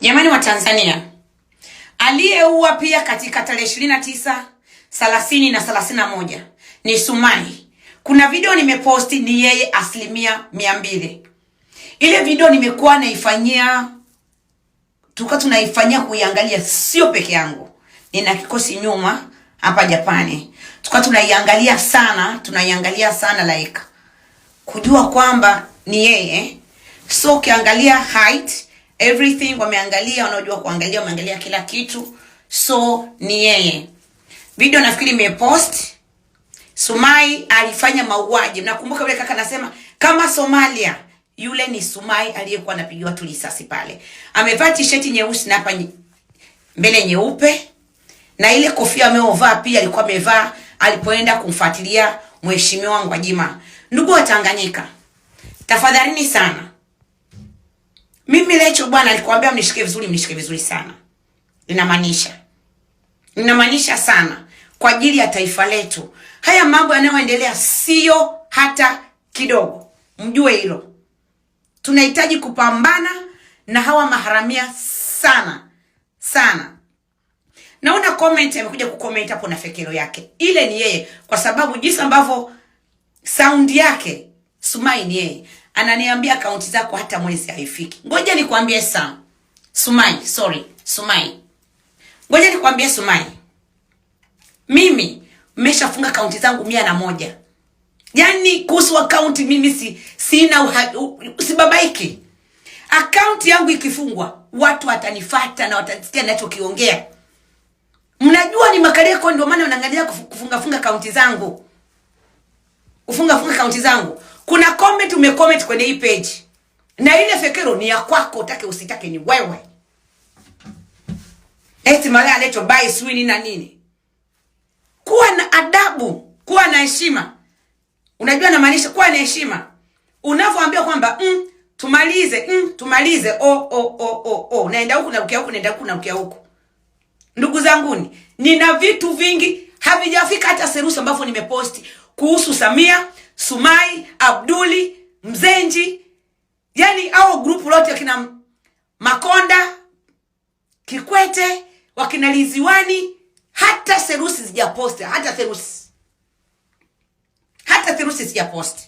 Jamani wa Tanzania, aliyeua pia katika tarehe 29, 30 na 31 ni Sumai. Kuna video nimeposti, ni yeye asilimia mia mbili. Ile video nimekuwa naifanyia, tuka tunaifanyia kuiangalia, sio peke yangu, nina kikosi nyuma hapa Japani, tuka tunaiangalia sana, tunaiangalia sana like kujua kwamba ni yeye. So ukiangalia height everything wameangalia, wanaojua kuangalia wameangalia kila kitu, so ni yeye. Video nafikiri imepost. Sumai alifanya mauaji, mnakumbuka yule kaka anasema kama Somalia yule ni Sumai aliyekuwa anapigiwa tu risasi pale. Amevaa tisheti nyeusi na hapa mbele nyeupe, na ile kofia ameovaa pia alikuwa amevaa alipoenda kumfuatilia mheshimiwa Gwajima. Ndugu wa Tanganyika, tafadhalini sana mimi Lecho bwana alikwambia mnishike vizuri, mnishike vizuri sana. Inamaanisha. Inamaanisha sana kwa ajili ya taifa letu. Haya mambo yanayoendelea sio hata kidogo. Mjue hilo. Tunahitaji kupambana na hawa maharamia sana sana. Naona comment amekuja kucomment hapo na fekero yake. Ile ni yeye kwa sababu jinsi ambavyo sound yake Sumaini yeye eh, ananiambia akaunti zako hata mwezi haifiki. Ngoja nikwambie saa Sumai, sorry, Sumai. Ngoja nikwambie Sumai. Mimi mmeshafunga akaunti zangu mia na moja. Yaani kuhusu akaunti mimi si sina usibabaiki. Akaunti yangu ikifungwa, watu watanifata na watasikia ninachokiongea. Mnajua ni kwa, ndio maana wanaangalia kufunga funga akaunti zangu. Ufunga funga akaunti zangu. Kuna comment umecomment kwenye hii page na ile fekero ni ya kwako, utake usitake, ni wewe. Eti malaya anaitwa bias nini na nini. Kuwa na adabu, kuwa na heshima. Unajua namaanisha kuwa na heshima unavyoambia kwamba mm, tumalize mm, tumalize o oh, o oh, o oh, o oh. Naenda huku na ukia huku, naenda huku na ukia huku. Ndugu zanguni, nina vitu vingi havijafika hata serusi ambavyo nimeposti kuhusu Samia Sumai, Abduli, Mzenji, yani au grupu lote wakina Makonda, Kikwete, wakina Liziwani, hata serusi sijaposti, hata serusi, hata serusi sijaposti.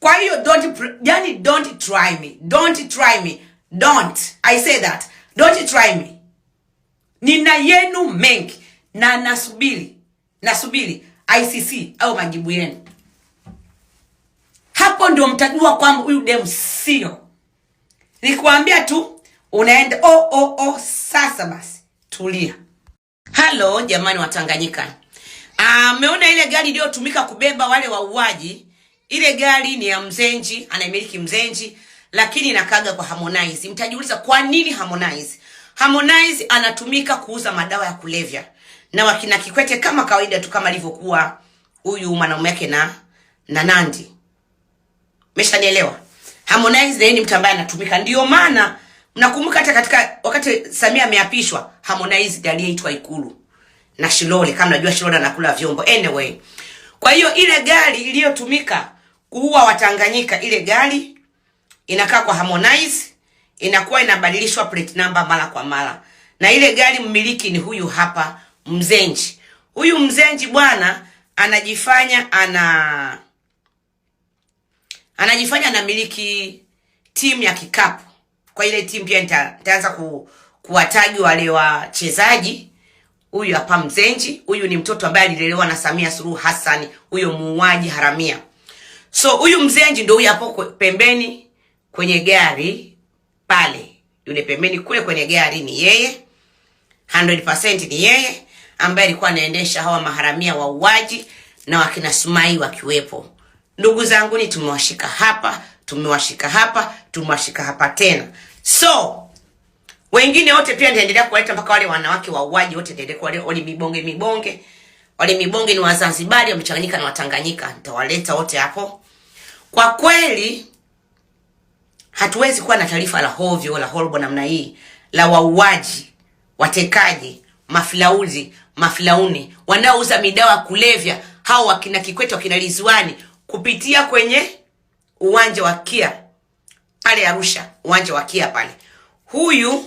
Kwa hiyo don't, yani don't try me, don't try me, don't I say that, don't try me. Nina yenu mengi na nasubiri, nasubiri ICC au majibu yenu hapo ndio mtajua kwamba huyu demu sio. Nikwambia tu unaenda oh, oh, oh. Sasa basi tulia. Halo jamani Watanganyika, ameona ah, ile gari iliyotumika kubeba wale wauaji. Ile gari ni ya Mzenji, anaimiliki Mzenji, lakini inakaga kwa Harmonize. Mtajiuliza kwa nini Harmonize? Harmonize anatumika kuuza madawa ya kulevya na wakina Kikwete kama kawaida tu, kama alivyokuwa huyu mwanaume wake na na Nandi. Meshanielewa? Harmonize yeye ni mtu ambaye anatumika. Ndio maana mnakumbuka hata katika wakati Samia ameapishwa, Harmonize ndiye aliyeitwa Ikulu na Shilole, kama najua Shilole anakula vyombo. Anyway, kwa hiyo ile gari iliyotumika kuua Watanganyika, ile gari inakaa kwa Harmonize, inakuwa inabadilishwa plate number mara kwa mara, na ile gari mmiliki ni huyu hapa Mzenji. Huyu Mzenji bwana anajifanya ana anajifanya anamiliki timu ya kikapu. Kwa ile timu pia nitaanza ku, kuwataji wale wachezaji. Huyu hapa Mzenji, huyu ni mtoto ambaye alilelewa na Samia Suluhu Hassan, huyo muuaji haramia. So huyu Mzenji ndio huyu hapo pembeni kwenye gari pale, yule pembeni kule kwenye gari ni yeye, 100% ni yeye ambaye alikuwa anaendesha hawa maharamia wauaji na wakina Sumai wakiwepo. Ndugu zangu, ni tumewashika hapa, tumewashika hapa, tumewashika hapa tena. So wengine wote pia nitaendelea kuwaleta mpaka wale wanawake wauaji wote, nitaendelea wale wale mibonge mibonge, wale mibonge ni Wazanzibari wamechanganyika na Watanganyika, nitawaleta wote hapo. Kwa kweli hatuwezi kuwa na taarifa la hovyo la horbo namna hii la wauaji, watekaji, mafilauzi, mafilauni wanaouza midawa kulevya, hao wakina Kikwete, wakina Rizwani kupitia kwenye uwanja wa KIA pale Arusha, uwanja wa KIA pale. Huyu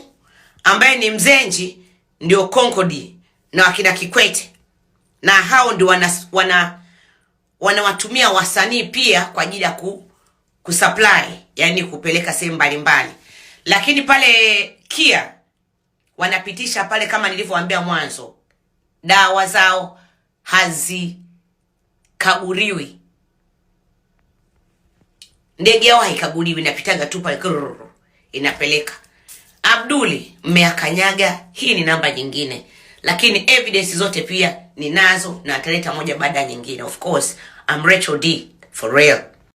ambaye ni Mzenji ndio Konkodi na wakina Kikwete, na hao ndio wana wanawatumia wasanii pia kwa ajili ya ku, kusupply yani kupeleka sehemu mbalimbali, lakini pale KIA wanapitisha pale, kama nilivyowaambia mwanzo, dawa zao hazikaguriwi ndege yao haikaguliwi, inapitaga tu pale inapeleka. Abduli mmeakanyaga, hii ni namba nyingine, lakini evidence zote pia ninazo na ataleta moja baada ya nyingine. Of course I'm Rachel D for real.